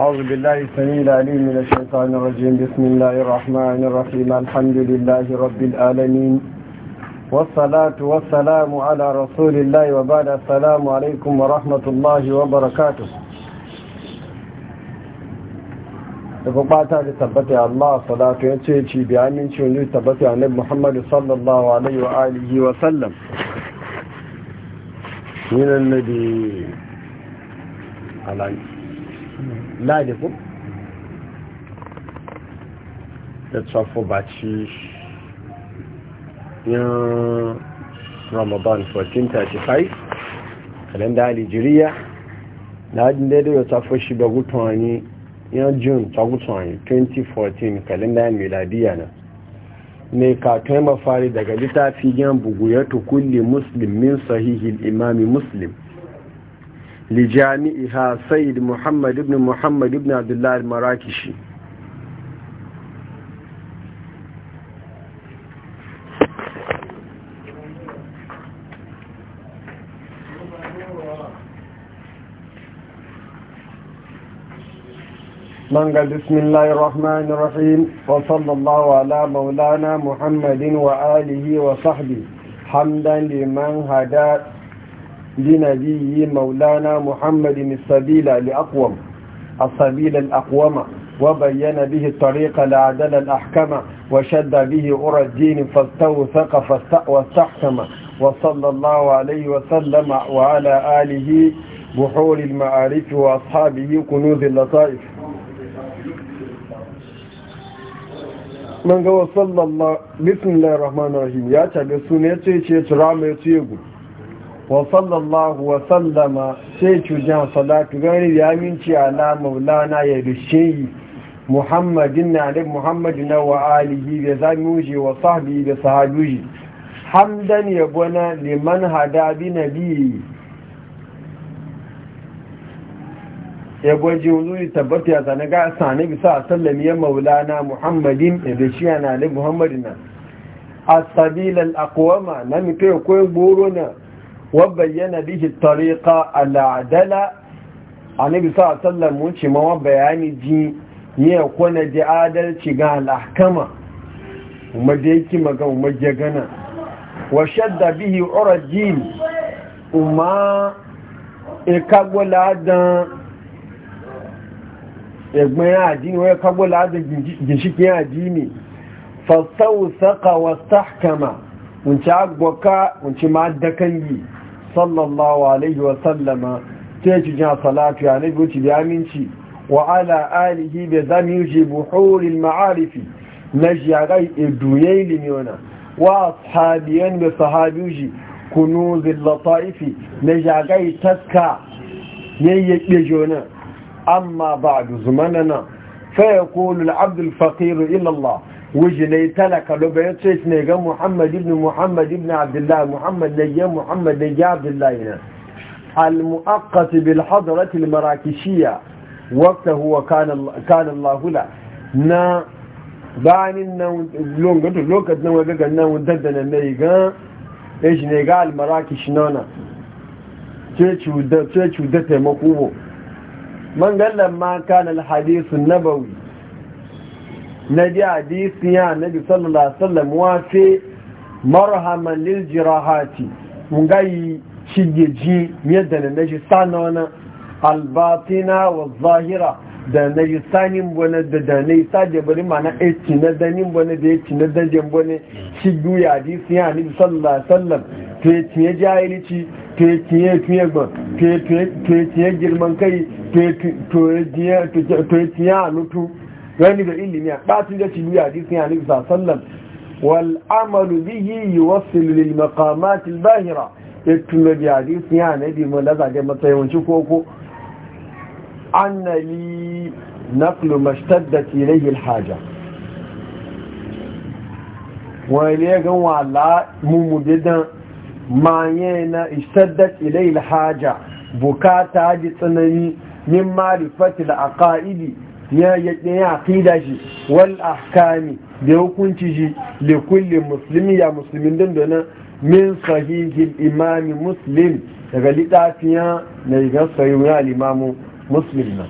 أعوذ بالله السميع العليم من الشيطان الرجيم بسم الله الرحمن الرحيم الحمد لله رب العالمين والصلاة والسلام على رسول الله وبعد السلام عليكم ورحمة الله وبركاته tabbata da tabbata الله صلاة ya ce ci bi aminci wanda tabbata annabi Muhammad sallallahu alaihi wa alihi wa sallam la ne ku da tsofo baci yan ramadan 1435 kalenda alijiriya da hajjin daidai da tsofo shi ga yan june ta gutuwanyi 2014 kalenda miladiya na ne ka taimafari daga littafi yan bugu ya tukulli muslim min sahihil imami muslim لجامعها سيد محمد بن محمد بن عبد الله المراكشي من قال بسم الله الرحمن الرحيم وصلى الله على مولانا محمد وآله وصحبه حمدا لمن هدى لنبي مولانا محمد السبيل لأقوم السبيل الأقوم وبين به الطريق لعدل الأحكم وشد به أرى الدين فاستوثق واستحكم وصلى الله عليه وسلم وعلى آله بحور المعارف وأصحابه كنوز اللطائف من قوى صلى الله بسم الله الرحمن الرحيم يا تبسون يتيش يترام يتيقوا وصلى الله وسلم سيتو جان صلاة غير يامينتي على مولانا يرشي محمد على محمد وآله بزاموجي وصحبه بصحابوجي حمدا يبونا لمن هدى بنبيه yabo ji wuzuri tabbata ya zane ga sani bisa a sallamiyar maulana muhammadin da shi na da muhammadin nan a sabilan akwama na mito ya koyi goro na wabayyana bihi tariqa al'adala annabi sallallahu alaihi wasallam mun ce ma bayani ji ne ko na ji adalci ga al'ahkama kuma da yake maga kuma jagana wa shadda bihi urajin kuma e kagola dan egbon adini wa kagola dan ginshikin adini fasawsaka wastahkama mun ci agboka mun ci ma dakangi sallallahu alaihi wasallama sai ci jan salatu ya nabi wuce da aminci wa ala alihi da zami wuce buhurin ma'arifi na jiyarai eduye limiyona wa sahabiyan da sahabi wuce kunu zillata'ifi na jiyarai taska yayyake jona amma ba da zumanana fa ya kulu al'abdul faqiru ilallah wujinai talaka lobe ya tsohon ne ga muhammad ibn muhammad ibn abdullahi muhammad na ya muhammad na ya abdullahi na al-mu'akkas bil hadaratul marakishiya wakta huwa kanan lahula na bayanin nan lokacin nan waga gannan wutar da nan mai gan ya ne ga al-marakish nana ce cuta taimako man gallan ma kanan hadisun nabawi na ji hadisi ya nabi sallallahu alaihi wasallam wa fe marhaman lil jirahati ngai shigeji yadda na naji sanona al batina wa zahira da na ji sanin bane da da ne sa saje bari mana eci na danin bone da eci na dajen bone shi duya hadisi ya nabi sallallahu alaihi wasallam to ya tiye jahilici to ya tiye ke ke to ya girman kai to ya ya lutu gani da ilimi a ɓatin da cibiyu a jisun ya nufi sallam wal'amalu bihi yi wasu lil makamatil bahira ya tuna da hadisun ya nabi mun da zage matsayawanci koko annali naqlu mashtaddat ilayhi Wani wale gan wala mumudidan na ishtaddat ilayhi alhaja bukata ji tsanani min ma'rifati alaqaidi ya ya aqida shi wal ahkami da hukunci shi li kulli muslimi ya muslimin din da min sahihi imami muslim daga litafiya na ga sahihi ya imam muslim na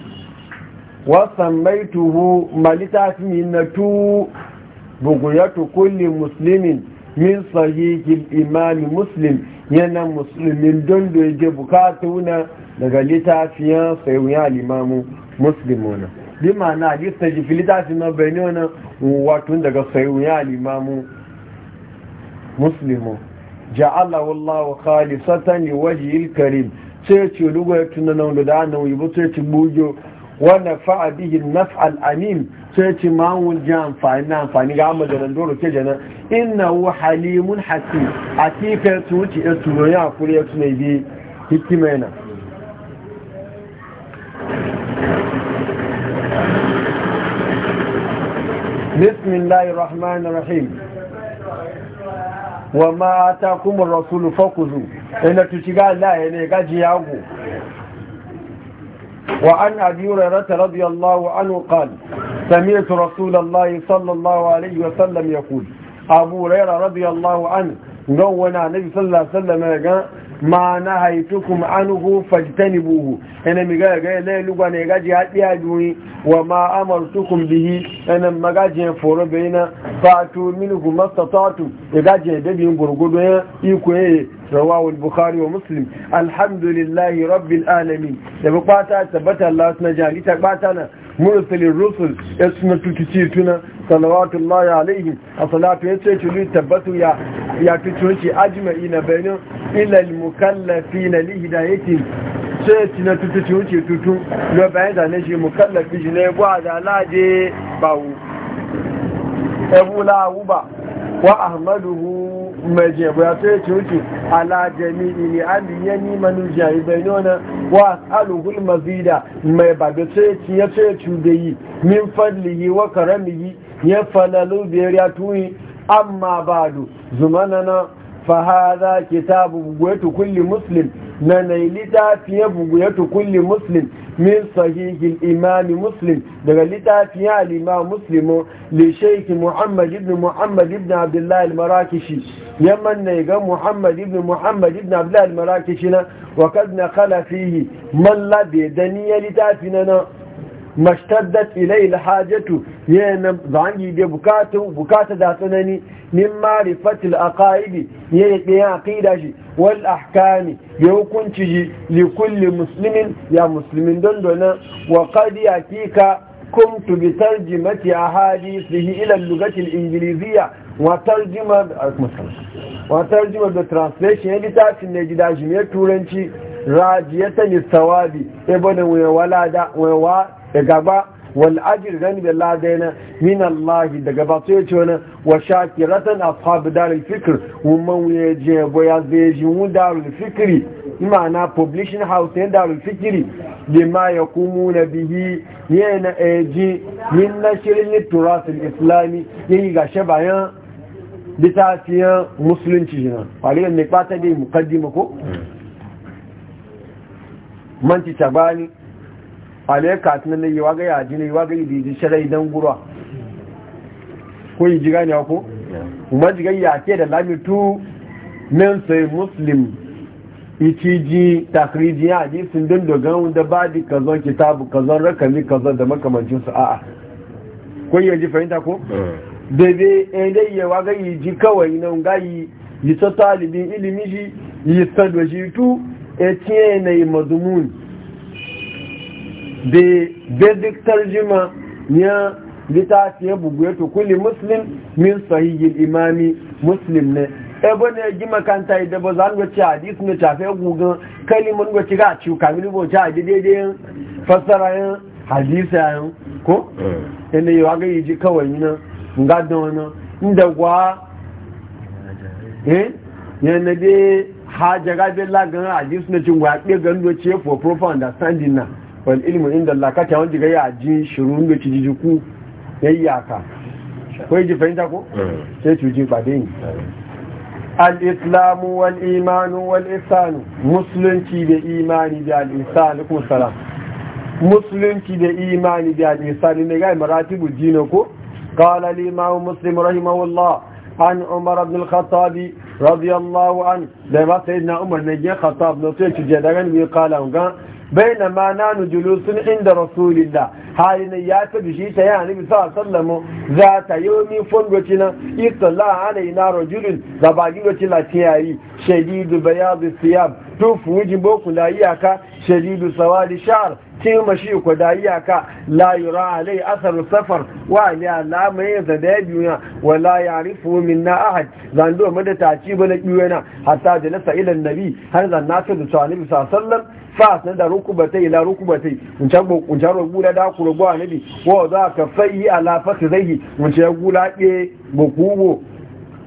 wa sammaituhu malitafi na tu buguyatu kulli muslimin min sahihi imami muslim yana musulmin don da yake bukatuna daga litafiya sahihi al imam na. bi ma'ana hadisi ta jifi littafin na bayani wani wato daga sayu ya limamu muslimu ja'ala wallahu khalisatan li wajhil karim sai ce lugu ya tuna wanda da nan yibo sai ce bujo wanda nafa'a bihi an-naf'a al sai ce ma wun ji amfani na amfani ga amma janar doro ke jana innahu halimun hakim hakika tuci ya tuno ya kuri ya tunai bi hikima yana بسم الله الرحمن الرحيم وما آتاكم الرسول فخذوا إن تشجع الله إليك جياغو وعن أبي هريرة رضي الله عنه قال سمعت رسول الله صلى الله عليه وسلم يقول أبو هريرة رضي الله عنه نونا النبي صلى الله عليه وسلم قال ma na haitukum anhu fajtanibuhu ina mi ga ga le lugwa ne gaji hadi ajuyi wa ma amartukum bihi ina magaji foro beina fatu minhu mastatatu e gaji da bi gurgudu iko e rawahu al-bukhari wa muslim alhamdulillahi rabbil alamin da e ba kwata tabbata Allah na jali ta na mursalin rusul ya e suna tukici tuna salawatullahi alaihim a salatu ya ce tulu tabbatu ya tutunci ajma'i na bayanin ilal mukallafi na lihidayeti sai ci na tutuci wuce tutu na bayan zane shi mukallafi shi na yabu a zalaje bawu yabu ba wa ahmaduhu mai jebu ya sai ci wuce ni ili ya ni manu jari bai nuna wa aluhul mazida mai babu sai ci ya sai ci da yi min yi wa yi ya falalu biyar ya tuni amma badu zumanana fahaza kitabu bugwatu kulli muslim na littafiye bugwatu kulli muslim min sahihin imami muslim daga littafiye al'imam muslimu da sheikh muhammad ibn muhammad ibn abdullahi al-marakishi yamman na ga muhammad ibn muhammad ibn abdullahi al-marakishi na wa na kala fihi man labe da niyyar littafi na nan mashtaddat ilayl hajatu yana zangi da bukatu bukata da tsanani min marifatil aqaid yayi dai aqida shi wal ahkami ya hukunci shi li kulli muslimin ya muslimin don dona wa qad yakika kum tu bi tarjimati ahadithi ila lughati al ingliziya wa tarjima wa tarjima da translation ya bi ta ne gidaji ne turanci ni lisawabi ibn walada wa gaba wal ajr gani da ladaina min Allah daga ba ya ce wani wa shakiratan ashab darul fikr umman ya je boya zai ji mu darul fikri imana publishing house ne darul fikri kumu na bihi yana eji min nashirin turas al-islami yayi ga shabayan bitasiyan musulunci jina wale ne kwata dai mukaddima ko manci tabani alaika tun nan yi waga yaji ne waga yi biji shirai dan gura ko yi jiga ne ko kuma jiga yake da lamitu min sai muslim ya takriji sun din dogon da di kazon kitabu kazon rakami kazon da makamancin su a'a ko yaji fahimta ko eh. bebe ende eh, waga yi ji kawai nan gayi yi ta talibin ilimi shi yi ta doshi tu etiye na yi madumun da basic tarjima ya litafi ya bugu ya tukuli muslim min sahihin imami muslim ne ebe ne gima kanta idan ba za mu ci hadisi ne tafe gugun kalimun ga ciga ci kamin bo ci hadisi daidai fassara yin hadisi yin ko yana eh. yi waga yi ji kawai nan gadon don inda gwa eh yana dai ha jaga be la gan hadis na cin wa be gan do ce for proper understanding na wal ilmu inda Allah ka tawon diga ya ji shirun da ci yayya ka ko ji fahimta ko mm. sai ji ba dai al-islam wal iman wal ihsan musulunci da imani da al-ihsan ku salam musulunci da imani da al-ihsan ne ga maratibu dino ko qala li ma muslim rahimahullah عن عمر بن الخطاب رضي الله عنه لما سيدنا عمر نجي خطاب نطيت جدغن وقال بينما نحن جلوس عند رسول الله حالنا ياتي بشيء يعني النبي صلى الله عليه وسلم ذات يوم فنوتنا اطلع علينا رجل زباغي وتلا تياري شديد بياض الثياب توف وجبوك لا ياك شديد سواد شعر ce mashi ku da iyaka la yura alai asar safar wa ni alama yin zada biyu wa la ya'rifu minna ahad zan do mu da taci bala biyu hatta da nasa ila nabi har zan na ta da annabi sallallahu fa na da rukubatai ila rukubatai in ta go kun ta rubu da ku rubu nabi wa za ka fayi ala zai mu ce gula ke bukugo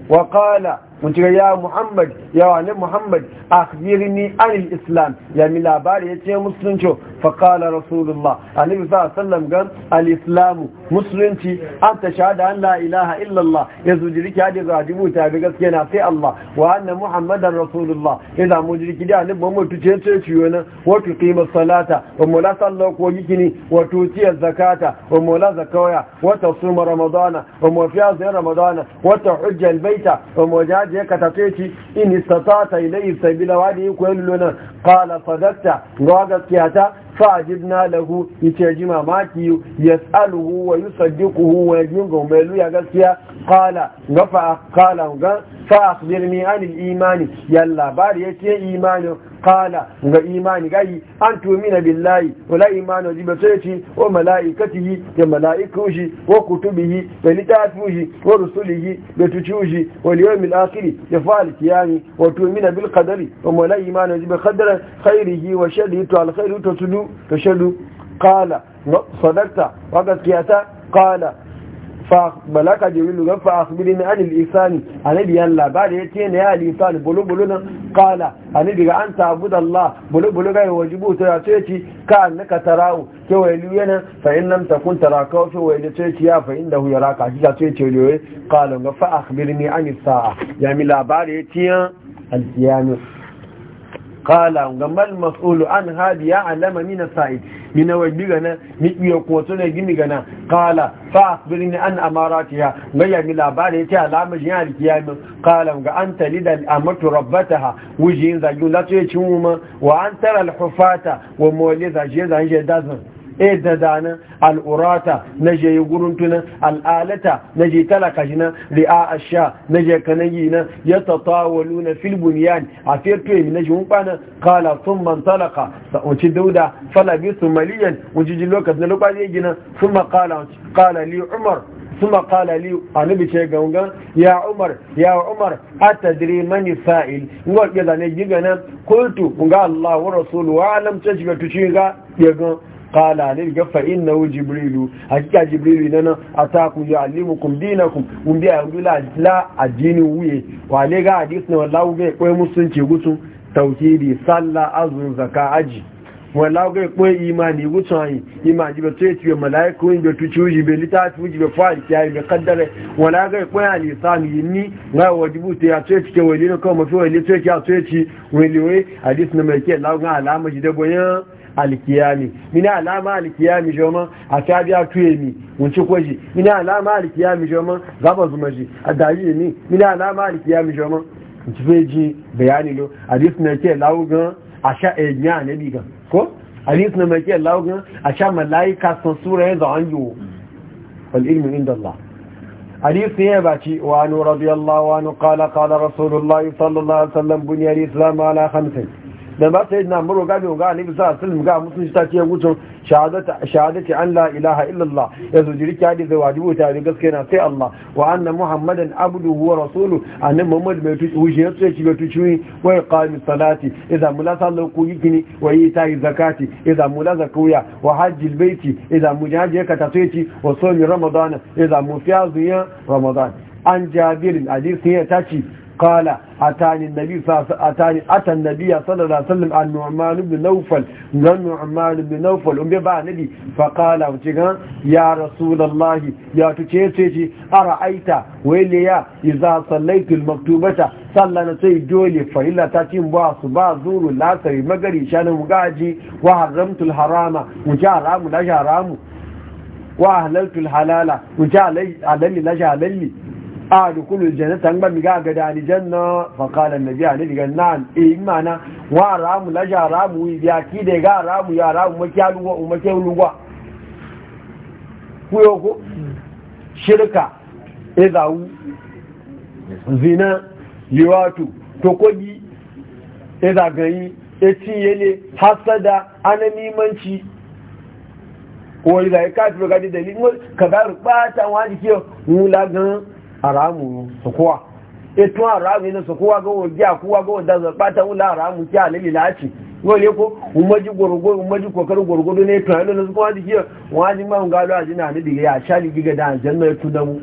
wa qala wunci ya muhammad ya wani muhammad a birni anil islam ya mi labari ya ce musulunci faƙala rasulullah alibi sa sallam gan al-islamu musulunci an ta shahada an la ilaha illallah ya zujiri ki hadi zuwa dubu ta bi gaske na sai allah wa annan muhammadan rasulullah ya mu jirki da alibi mamu tuce ce ciyo nan wato kima salata wa mula sallah ko gikini wa zakata wa mula zakawaya wata suma ramadana wa mafiya zai ramadana wata hujjal baita wa mujahid je ka tafe shi in istata'ta ilayhi sabila wa da yin lona qala fadatta ga gaskiya ta fa ajibna lahu yace ji mamaki yas'aluhu wa yusaddiquhu wa ga mai luya gaskiya kala ga fa ga fa'akbir akhbirni an al imani ya labari yake imani kala ga imani gai an tu'mina billahi wa la imanu wajibati wa malaikatihi ya malaikushi wa kutubihi da litafushi wa rusulihi da tuchushi wa yawmil akhir ya fal kiyami wa tu'mina bil qadari wa la imanu wajibati qadara khairihi wa sharrihi to al khairu to tudu to shadu qala sadaqta wa gaskiyata qala balaka jibrilu ga fa asbiri na anil isani anabi yan labari ya ce na ya lisani bulu bulu nan kala annabi ga an tabuda Allah bulu ga wajibu to ya ce ci ka annaka tarau ke wailu yana fa in lam takun taraka fa wailu ce ci ya fa indahu yaraka shi ya ce ce yoyi kala ga fa akhbirni anis sa'a ya mi labari ya ce al kala ga mal mas'ulu an hadi ya alama mina sa'id mina wabi gana mi biyo ko ne gimi gana kala fa asbirni an amaratiha ga ya mi labari yace alama jin alkiyami kala ga anta lidal amatu rabbataha wujin zaju la to yace wa an tara alhufata wa mawliza je zanje dazan e dadana al'urata na je yi guruntuna al'alata na je talaka shi na ri'a a sha na je kanayi na ya tatawalu na filbun yan a fetu yi na shi hun kwanan kala sun man talaka sa'unci dauda falabi su maliyan wujijin lokaci na lokaci ya gina sun makala kala li umar ثم قال لي النبي شيغونغا يا عمر يا عمر اتدري من السائل نقول يا ذا نجيغنا قلت قال الله ورسوله اعلم تشبه تشيغا يغون qala lil gafa innahu jibrilu hakika jibrilu nana ataku yuallimukum dinakum umbi ayudula la adini wuye wale ga hadis na wallahu ga koyi musunci gutun tauhidi sallah azun zaka, aji wallahu ga koyi imani gutun ayi imani be to yi malaiku in be tuchuji be litatu ji be fa'al kiyayi be qaddara wala ga koyi alisan yinni ga wajibu te ya to ke wali ne ko mafi wali to ke ya to ci wali wai hadis na mai ke lawo ga alama ji da boyan alikiyami mina alama alikiyami joma a tabiya tuye mi wunci kwaji mina alama alikiyami joma zaba zuma ji a dalili mi mina alama alikiyami joma wunci fe ji bayani lo hadis na ke laugan a sha enya ne bi diga ko hadis na ke laugan a sha malaika san sura ya zawan yiwu wal ilmu inda Allah حديث نيابتي وعنه رضي wa anu radiyallahu anu رسول الله صلى sallallahu alaihi وسلم بني الإسلام على خمسين da ba sai na maro gabi ga annabi sallallahu alaihi wasallam ga shi ta ce gutun shahadata shahadati an la ilaha illallah yazo jiri hadi zai wajibu ta ne gaske na sai Allah wa anna muhammadan abduhu wa rasulu annabi muhammad mai tuci wuce sai ki ga tuci wa iqami salati idza mulasa ku yikini wa yita zakati idza mulasa kuya wa hajji albayti idza mujaji ka tatwiti wa sawmi ramadana idza mufiya zuya ramadan an jabirin hadisi ya tace قال اتاني النبي أتاني اتى النبي صلى الله عليه وسلم عن نعمان بن نوفل عن نعمان بن نوفل ام بقى النبي فقال يا رسول الله يا تشيتشي أرأيت ويلي اذا صليت المكتوبه صلى نسي دولي تاتين تاتيم باص بازور لا سري مغري شان مغاجي وحرمت الحرام وجاء حرام لا حرام وأهللت الحلال وجاء علي لا حلال a dukulu jannata an gbami ga ga dani janna fa qala annabi ani diga nan e eh, imana wa ramu la ja ramu ya ki de ga ramu ya ramu makiyalu wa umakiyalu wa kuyo ko shirka ezawu zina liwatu tokoji ezagayi yele hasada manci ko ka e kafiro gadi dalilin kabar bata wani kiyo la gan haramu sukuwa ètò haramu ina sukuwa ga wajen akuwa ga wajen zarfata wula haramu ki halili laci wale ko umarji gwargwaro umarji kokarin gwargwaro ne to yana sukuwa da ke wajen ma'un galo a jina da ya sha ligi ga da aljanna ya tunamu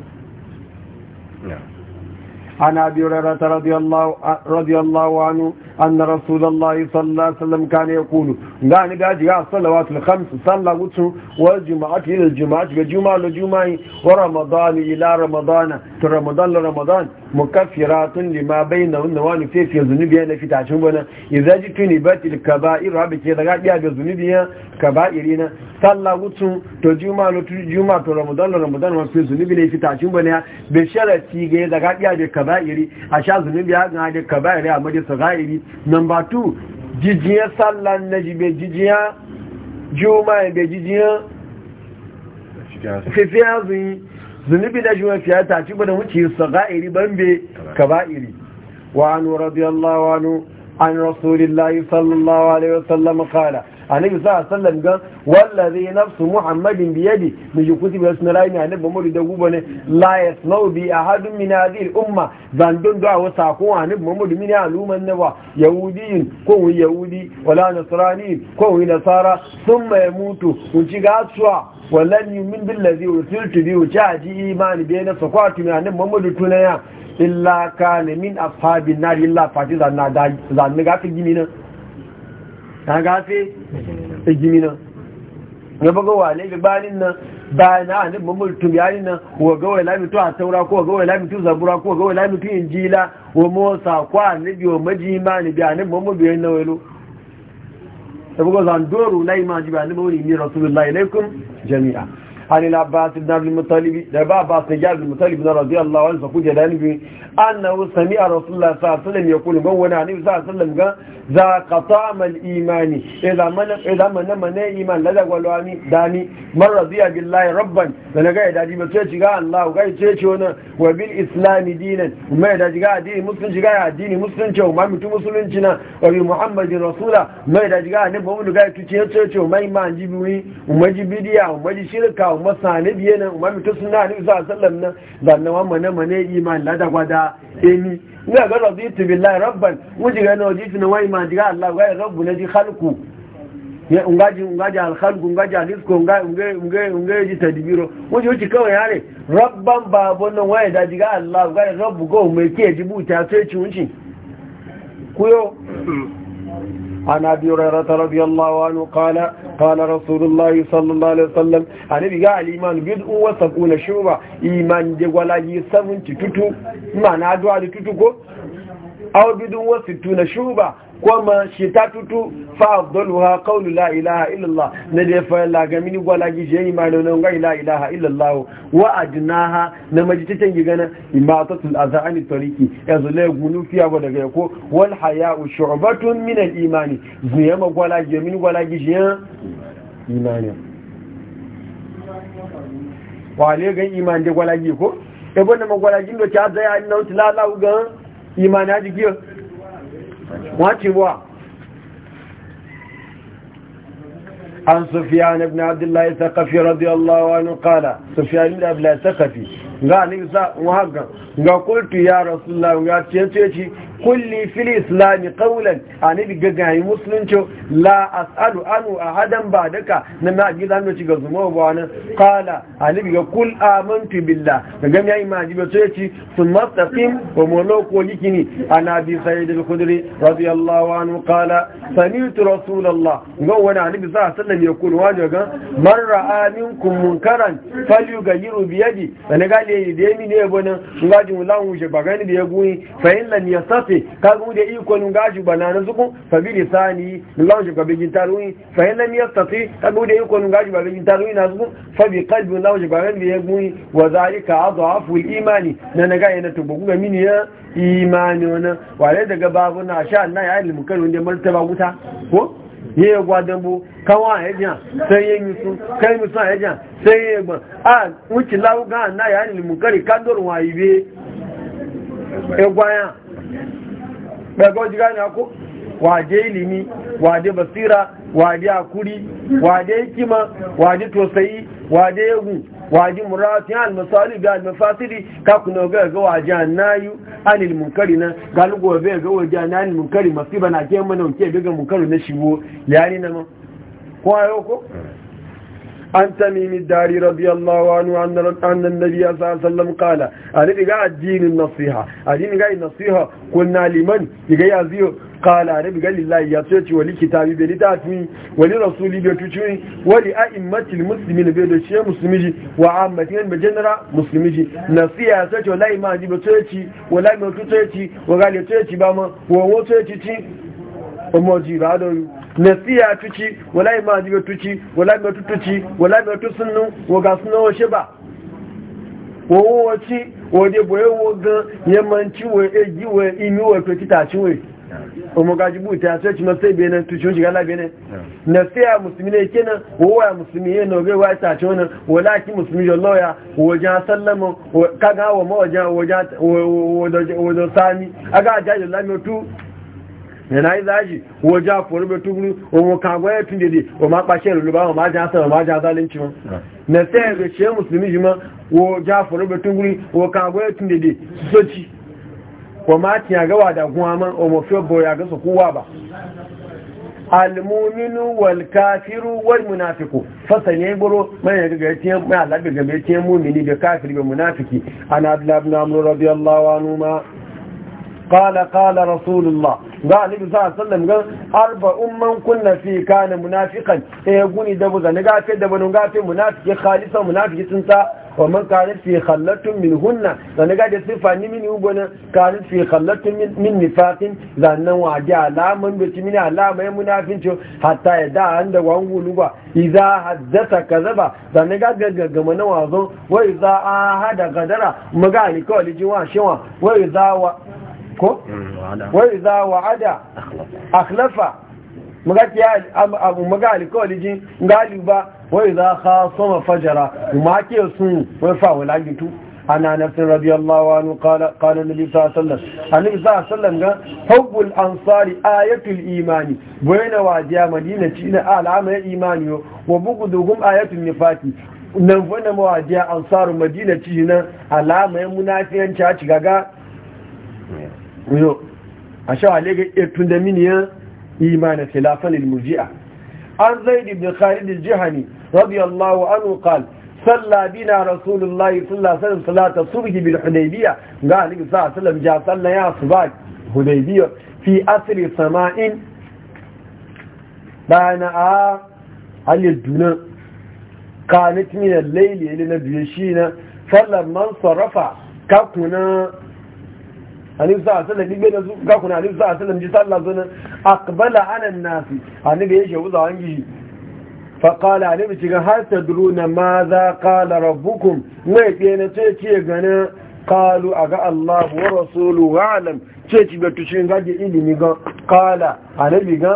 عن أبي هريرة رضي الله رضي الله عنه أن رسول الله صلى الله عليه وسلم كان يقول غاني غاجي الصلوات الخمس صلى وتر والجمعة إلى الجمعة جمعة لجمعة ورمضان إلى رمضان رمضان لرمضان mukaffiratun lima bainahun wa nufifi zunubi na fitacin bana idza jituni batil kaba'ir wa ke daga biya ga zunubi iri na sallah gutsu to juma lutu juma to ramadan ramadan wa fi zunubi ne fitacin bana be sharati ga daga biya ga kaba'iri a sha zunubi ya ga da kaba'iri a da sagairi number 2 jijiya sallah najibe jijiya juma be jijiya fifiya zunubi zunubi na jiwon fiye ta ci bada wuce saga'iri bambe kaba'iri wa anu radiyallahu anu an rasulillahi sallallahu alaihi wasallam kala annabi sa sallam ga wallazi nafsu muhammadin bi yadi mu ji kuti bi sunan rayi annabi muhammadu da gubo ne la yaslau bi ahadun min hadhihi umma zan don da wa sako annabi muhammadu min aluman nawa yahudiyin ko wani yahudi wala nasrani ko wani nasara thumma yamutu kun ci gasuwa wallan yumin billazi ursiltu bi wujaji imani bi na sakwatu min annabi muhammadu tunaya illa kana min ashabin nar illa fatiza na da zan ga ta gini nan ta gafe da jimina ya baga wale gabanin nan bayan na annabi mamul tumyani nan wa ga wala mitu a taura ko ga wala mitu zabura ko ga wala mitu injila wa musa ko annabi wa majima ne bi annabi mamul bi nan welo ta baga zan doru lai ma ji ba annabi ni rasulullahi alaikum jami'a عن العباس بن عبد المطلب لبا عباس نجار بن المطلب رضي الله عنه فقود جلاني أنه سمع رسول الله صلى الله عليه وسلم يقول قونا عنه صلى الله عليه وسلم ذاق طعم الإيمان إذا من إذا من من إيمان لذا قالوا عني داني من رضي بالله ربا لنا قاعد أجي بتشي قال الله وقاعد تشي هنا وبالإسلام دينا وما يدعي قاعد دين مسلم قاعد دين مسلم شو ما متو مسلم شنا وبمحمد رسولا ما يدعي قاعد نبغى نقول قاعد تشي تشي وما يمان جيبوي umarji bidiya umarji shirka umar sani biye nan umar mutu suna ne isa sallam nan zanna wa mana mana iman lada gwada emi ina ga razi tu billahi rabban wuji ga nawa jitu na wa iman diga allah ga rabbu na ji khalqu ya ungaji ungaji al khalqu ungaji al rizqu ungaji unge, unge ji tadbiro wuji wuji kawai yare rabban babu nan wa da diga allah ga rabbu go mai ke jibuta sai ci wuci kuyo عن أبي هريرة رضي الله عنه قال قال رسول الله صلى الله عليه وسلم النبي قال الإيمان بدء وسبعون شعبة إيمان دي ولا يسمون تتو معنى دعاء تتو أو بدء وستون شعبة kuma shi ta tutu fa'abdulluha qawlu la ilaha illallah na da ya fara ga mini gwala shi yi imanu na ga la ilaha illallah wa ha na majitatan gi a imatatul azani tariki Ya la gunu fiya ba daga yako wal haya'u shu'batun minan imani zuya ma gwala gi mini gwala shi ya imani wa ne ga imani da gwala gi ko ebe na ma gwala gi do ta zaya na la la ga imani wọ́n ti wọ́ an sufiyan ibn abdullahi sakafi radiyallahu anu kala sufiyan ibn abdullahi sakafi ga ni za wa ga ga kultu ya rasulullah ga tiyace kulli fil islam qawlan anabi gagayi musulunci la as'alu anu ahadan daka na ma ji zan ci gazuma ba wani qala anabi ga kul amantu billah daga mai imaji ba sai ci summa taqim wa muloko yikini ana bi sayyid al-khudri radiyallahu anhu qala sami'tu rasulullah ga wani bi sa sallam ya kun waje ga man ra'a minkum munkaran falyughayyiru bi yadi da ne ga le da yemi ne bonan ngajin lawu je bagani da ya guyi fa in lan yasat nafsi ka gu da iko nun gashi bana na zuku fa bi lisani nun gashi ka bigin tarwi fa in lam yastati ka gu da iko nun gashi ba bigin na zuku fa bi qalbi nun gashi ba ran bi yaguni wa zalika adhafu al imani na naga yana to bugu ga mini ya imani wannan wale daga babu na sha Allah ya ilmu kan wanda martaba wuta ko ye gwa dambu kawa ejan sai ye su, kai musa ejan sai ye gba a wuci lawu ga na ya ilmu kari kador wa ibe gwa ya daga wajen gane ko waje ilimi waje basira waje akuri waje hikima waje tosayi waje yagu waje murati al masali ga al mafasidi ka kuno ga ga waje annayu anil munkari na galugo bai ga waje annayu munkari masiba na ke mana ke ga munkari na shiwo yani na ma ko ko an tamimi dari radiyallahu anhu annan nabiya sallallahu qala ali diga addinin nasiha ali diga nasiha kunna liman diga yaziyo qala ali diga lillahi ya tuci wali kitabi bi litafi wali rasuli bi tuci wali a'immati almuslimin bi da shi muslimiji wa ammatin bi jinra muslimiji nasiha ya tuci wali ma di tuci wali ma tuci wa gali tuci ba ma wo tuci ci umma jiradun nasiya tuci wala ima jibe tuci wala ima tutuci wala ima tusunu waga suna wace ba wawo wace wade boye wagan yammanci wa egi wa imi wa fi titaci wa omogaji bu ta sai cima sai bene tuci shiga la bene nasiya musulmi ne kenan wawo ya musulmi ne nobe wa ta ce wannan wala ki musulmi jo loya wajen sallama kaga wa mawajen wajen wajen sani aga ajajo lamitu yana yi zaji wo ja foro be tuguru o mo ka gwa tun dede o ma pa se lu ba o ma ja san o ma ja zalin linchi na se be che muslimi juma wo ja foro be tuguru o ka gwa tun dede so chi ko ma ti ya gawa da gun ama o mo fe bo ya ga so kuwa ba mu'minu wal kafiru wal munafiqu fasan yayi buru man ya ga yace mai Allah daga mai yace mumini da kafiri da munafiki ana abdullah ibn amr radiyallahu anhu ma kala kala rasulullah ga annabi sallallahu alaihi wasallam arba umman kunna fi kana munafiqan eh guni da buza ni gafe da banu gafe munafiki khalisan munafiki sun sa wa man kana fi khallatun min hunna da ni gaje sifa ni min ubona kana fi khallatun min nifaqin wa alaman da ci min alamai munafinci hatta ya da an da wangulu ba idza haddatha kazaba da ni na wazo wa gadara magani ko wai za wa'ada akhlafa magakiya abu maga alkawalijin galiba wai za ka soma fajara ma ke sun wai wala gitu ana nafsin radiyallahu qala qala nabi sallam annabi sallam ga hubbul ansari ayatul imani bayna wadiya madina ci na ya imani wa bugudugum ayatul nifati nan wannan mawajiya ansaru madina ci na alamarin munafiyanci a cigaga wuyo a sha alege etun da miniya imanin khilafan al-murji'a an zaid ibn khalid al-jihani radiyallahu anhu qala صلى بنا رسول الله صلى الله عليه وسلم صلاة الصبح بالحديبية قال النبي صلى الله عليه وسلم جاء صلى يا صباح حديبية في أثر سماء بان على الدنيا كانت من الليل إلى نبيشينا فلما انصرف كفنا annabi sallallahu alaihi wasallam da su ga kuna annabi sallallahu alaihi wasallam ji sallah zo nan aqbala ala an-nasi annabi ya shehu za wangi fa qala annabi ci ga har tadruna ma za qala rabbukum mai tsene ce ce gana qalu aga Allah wa rasuluhu alam ce ci betu shi ga ilimi ga qala annabi ga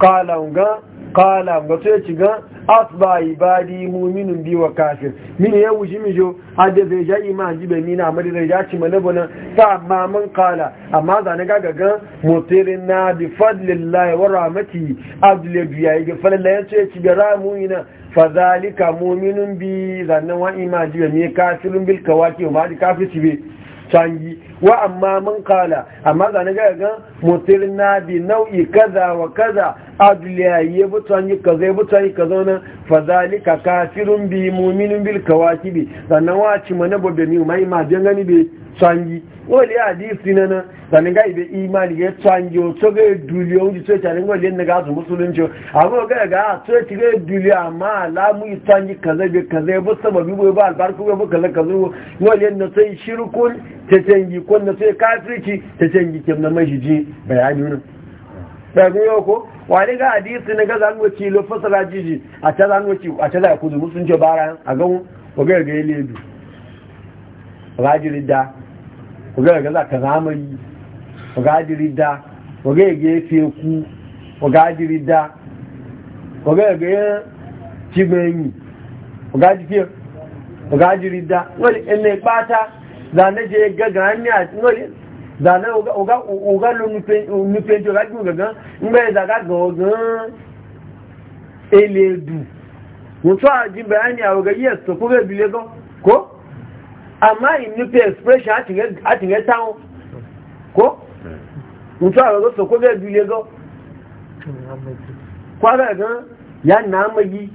qala ga kala ga to ya ci ciga asba ibadi mu'minun bi wa kafir min ya wuji mi jo da zai ja iman ji bai na amari zai ja ci mana bana ta amma mun kala amma za na gaga ga na bi fadlillahi wa rahmatihi adle biya ga falalla ya ce ci ga ramuina fa zalika mu'minun bi zanna wa iman ji bai mi kafirun bil kawaki ma ji kafir ci bai cangi wa amma mun kala amma ni ga gan mutirna bi nau'i kaza wa kaza adliyaye butan yi kaza butan yi kaza na fa zalika kafirun bi mu'minun bil kawakibi sannan wa ci mana bobe mi mai ma jangani be Tswangi wani ya hadisi na nan sanin ga ibe imali ya tswangi o to ga duliyo wuji to ta ngole le ga su musulunci amma ga ga to ti ga a ma la mu tsangi kaza be kaza ba sababi bo ba albarku bo kaza kaza wani na sai shirkun ta tangi ko na sai kafirci ta tangi kin na majiji bayani nan da ga ko wani ga hadisi na ga zan wuce lo fasara jiji a ta zan wuce a ta za ku musulunci bara a ga ga ga lebi rajulida waga ga za ka zamani waga dirida ga ya gefe ku waga dirida waga ga ya cigbeni waga jikin waga dirida wani ina bata zane je gagara ni a wani zane waga lo nufenci waga jikin gagan ngbe zaga gagan eledu mutu a jin bayani a waga iya sokobe bilegon ko amma in nufi expression a tinye town ko? mutu a rago edu ga jule ga kwara ya na amayi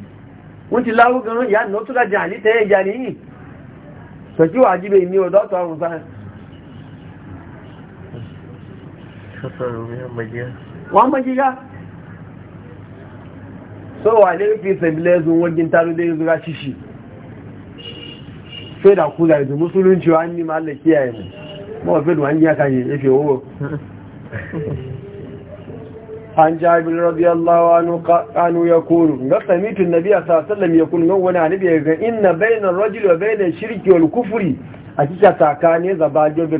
wunci lawo ya na otu ga jihali ta yi jani yi soki wa ajibe ni o dọ́tọ̀ ọrụ sáà wọ́n mọ́ jíga so wà lè fi ẹzùn wọ́n jí sai da ku zai musulunci wa ni ma Allah kiyaye mu mawa fi da wani ya kan yafe wo an jabir radiyallahu anhu kanu yakunu ga samitu nabi sallallahu alaihi ya yakunu ga wani annabi ga inna bainar rajuli wa bainal shirki wal kufri a cikin tsakani zabajo da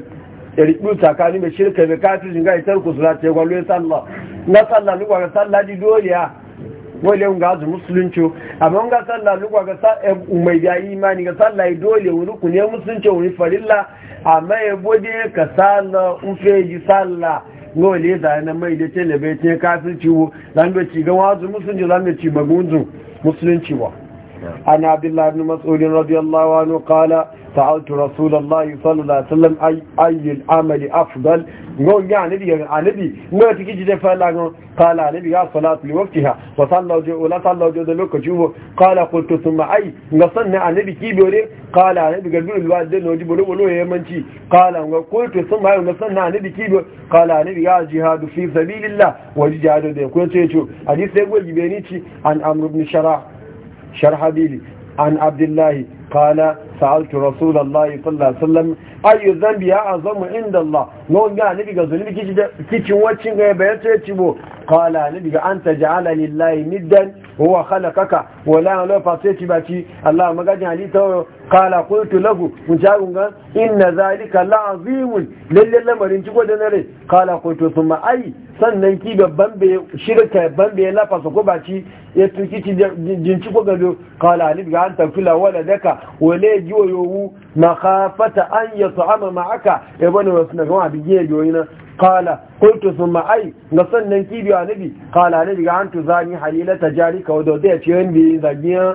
ribu tsakani da shirka da kafirin ga itar kusulata ya gwalo sallah na sallah ni gwalo sallah di doliya wale nga zu musulunci amma nga sallah lugwa ga sa e, mai da imani ga sallah dole wani kune musulunci wani farilla amma ya e, bode ka sallah ufeji ji sallah wale da na mai da tele bai ce kasu ciwo zan ci ga wazu musulunci zan ci magunzu musulunci ba عن عبد الله بن مسعود رضي الله عنه قال سألت رسول الله صلى الله عليه وسلم أي, أي العمل أفضل نقول يا نبي يا نبي ما تكيجي فلا قال يا نبي يا صلاة لوقتها وصلى وجه ولا صلى وجه ذلك شوفه قال قلت ثم أي نصنع نبي كي بوري قال يا نبي قلبون الوالد نوجي بولو ولو يمنشي قال قلت ثم أي نصنع نبي كي بوري قال يا نبي يا جهاد في سبيل الله وجهاد دين كنت يشوف حديث يقول جبينيتي عن أمر بن شراح شرح بيلي عن عبد الله قال سألت رسول الله صلى الله عليه وسلم أي ذنب يا أعظم عند الله نقول قال نبي قال نبي كيش واتشن غيبا يتشبه قال نبي أن تجعل لله ندا huwa khalaqaka wala la fasati bati Allah magajin halitta kala qultu lahu mujarunga inna zalika la'zim lalle lamarin ci godan rai qultu thumma ai sannan ki babban be shirka babban be la fasa ko baci ya tuki ci jinci ko gado qala alif ga anta tafila wala daka wala jiwo yowu makhafata an yat'ama ma'aka e bane ga wa biye yoyina qala qultu thumma ai ga sannan kibi wa nabi qala nabi ga antu zani halila tajari ka wado da ce wani zagiya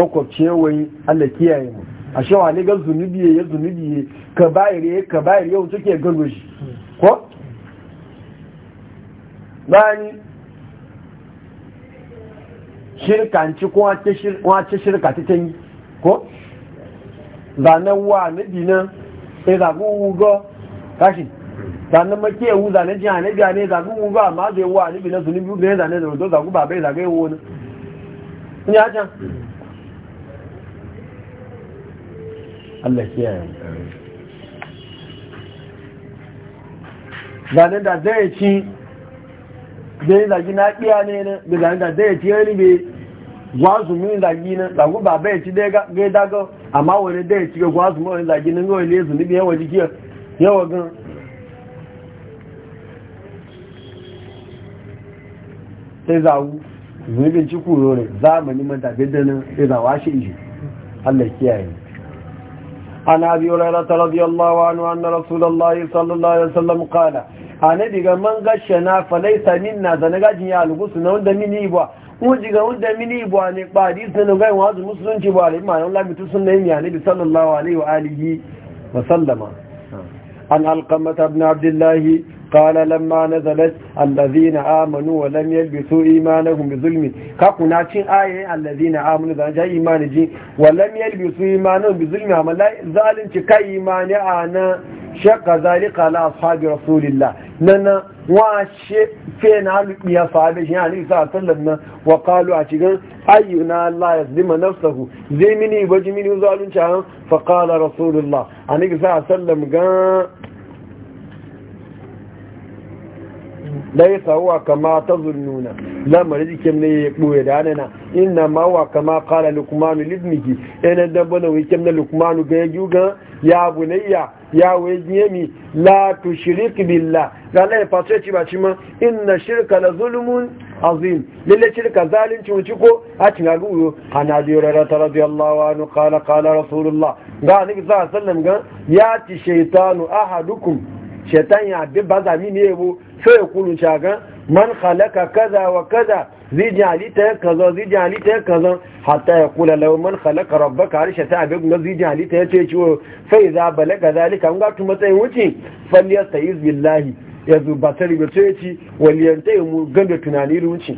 makwabciye wani Allah kiyaye mu a shi wani ga zunubi ya zunubi ka bayire ka bayire yau take gano shi ko bani shirkanci ko wace shirka ta tanyi ko zanen wa nabi nan sai zagu ugo kashi sannan make yawu zane jin anabi ne zagu mu ba ma zai wa anabi na sunubi ne zane da rodo zagu babai bai zaga yawo ne ya can Allah kiyaye zane da zai ci zai zagi na kiya ne ne da zane da zai ci yani bai gwazu min zagi na zagu ba bai ci gai ga amma wani dai ci ga gwazu min zagi ne ga wani zunubi yawa yawa gan sai zawu zunubin ciku ne zamani manta bidan sai zawa shi ji Allah kiyaye an abi wala ta radiya Allah wa anu anna rasulallah, sallallahu alaihi wasallam qala ana diga man gashe na fa laysa minna zanagaji ya lugusu na wanda mini ibwa mu ga wanda mini ibwa ne ba di sunu gai wa musulunci ba le man Allah mitu sunna ne ya sallallahu alaihi wa alihi wa sallama an alqamata ibn abdullah قال لما نزلت الذين آمنوا ولم يلبسوا إيمانهم بظلم كاكونا تشين آية الذين آمنوا ذا جاء إيمان جي ولم يلبسوا إيمانهم بظلم أما لا ظالم تكا إيمان أنا شق ذلك على أصحاب رسول الله ننا واش فين على يا صحابي يعني صلى الله عليه وسلم وقالوا أشجع اينا الله يظلم نفسه زي مني وجمني ظالم فقال رسول الله عليه الصلاة والسلام قال laisa huwa kama tazunnuna lamarin jikin ne ya ɓoye da nana inna ma huwa kama kala lukmanu libniki yana dabbana wikin na lukmanu ga ya juga ya bunayya ya waje yami la tushrik billah ga lai fasoci ci ba ma inna shirka la zulmun azim lalle shirka zalunci wuci ko a cin aguyo ana biyo rarata radiyallahu anhu qala qala rasulullah ga annabi za alaihi sallam ga ya shaitanu shaytanu ahadukum shaitan ya bi ba zami ne yabo sai ya kulu shagan man khalaka kaza wa kaza zai halitta ya kaza zai halitta ya kaza hatta ya kula lau man halaka rabbaka har ta abin kuma zai halitta ya ce ciwo sai za balaga zalika an gatu matsayin wuce falliyar ta iz billahi ya zubatar ga ci ta ya mu ganda tunani ruci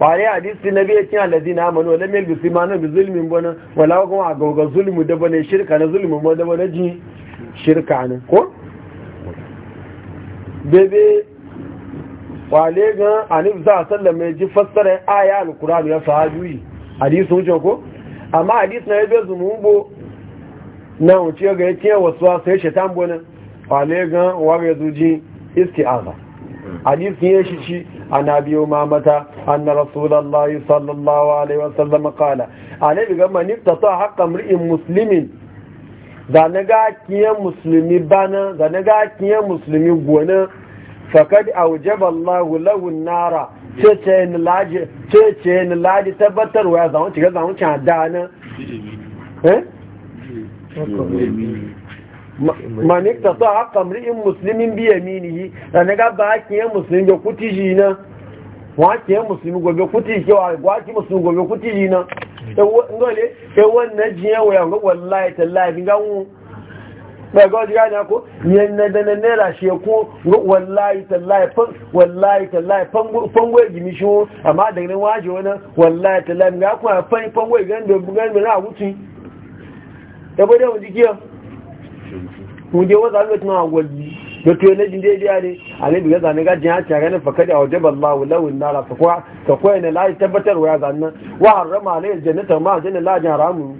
a hadisi na biya kina alazi na amanu wala mil bisi ma na bi zulmin bana wala kuma a gauga zulmu da bane shirka na zulmin bana jini shirka ne ko? bebe wale gan anif za a sallama ji fassara aya alkuranu ya sahajuyi hadisun wuce ko? amma hadis na yabe zumumbo na wuce ga yake wasu wasu ya shetan bonin wale gan ware zuji iski aza hadisu ya shi ci ana biyo mata an na rasulallah sallallahu alaihi wasallam kala a ne bi gama nifta sa haƙa mri'in musulmin da na gakiyan musulmi bana da na gakiyan musulmi gona fakad aujaba Allahu lahu nara cece ni laji cece ni laji tabbatarwa ya zama cikin zama cikin dana eh manik ta so haka mri'in musulmin bi yaminihi da na gaba hakiyan musulmi ga kutiji na wa hakiyan musulmi gobe kutiji kewa wa musulmi gobe kutiji na ngole e wannan jiya waya ga wallahi tallahi ga mu ba ga jiya na ko yan na da ne la shi ko wallahi tallahi fa wallahi tallahi fan fangoy gimi shi amma da ne waje wannan wallahi tallahi ga ku fan fangoy ga da bugan da na wuci da bada mu jiya mu je wa zalwat ma wallahi da to na jin daidai ne annabi ga zane ga jin hatta ganin fa kada ba Allahu lahu an-nara fa kwa ta kwa ne la tabbatar wa zanna wa harrama alayhi al-jannata ma janna la jaramu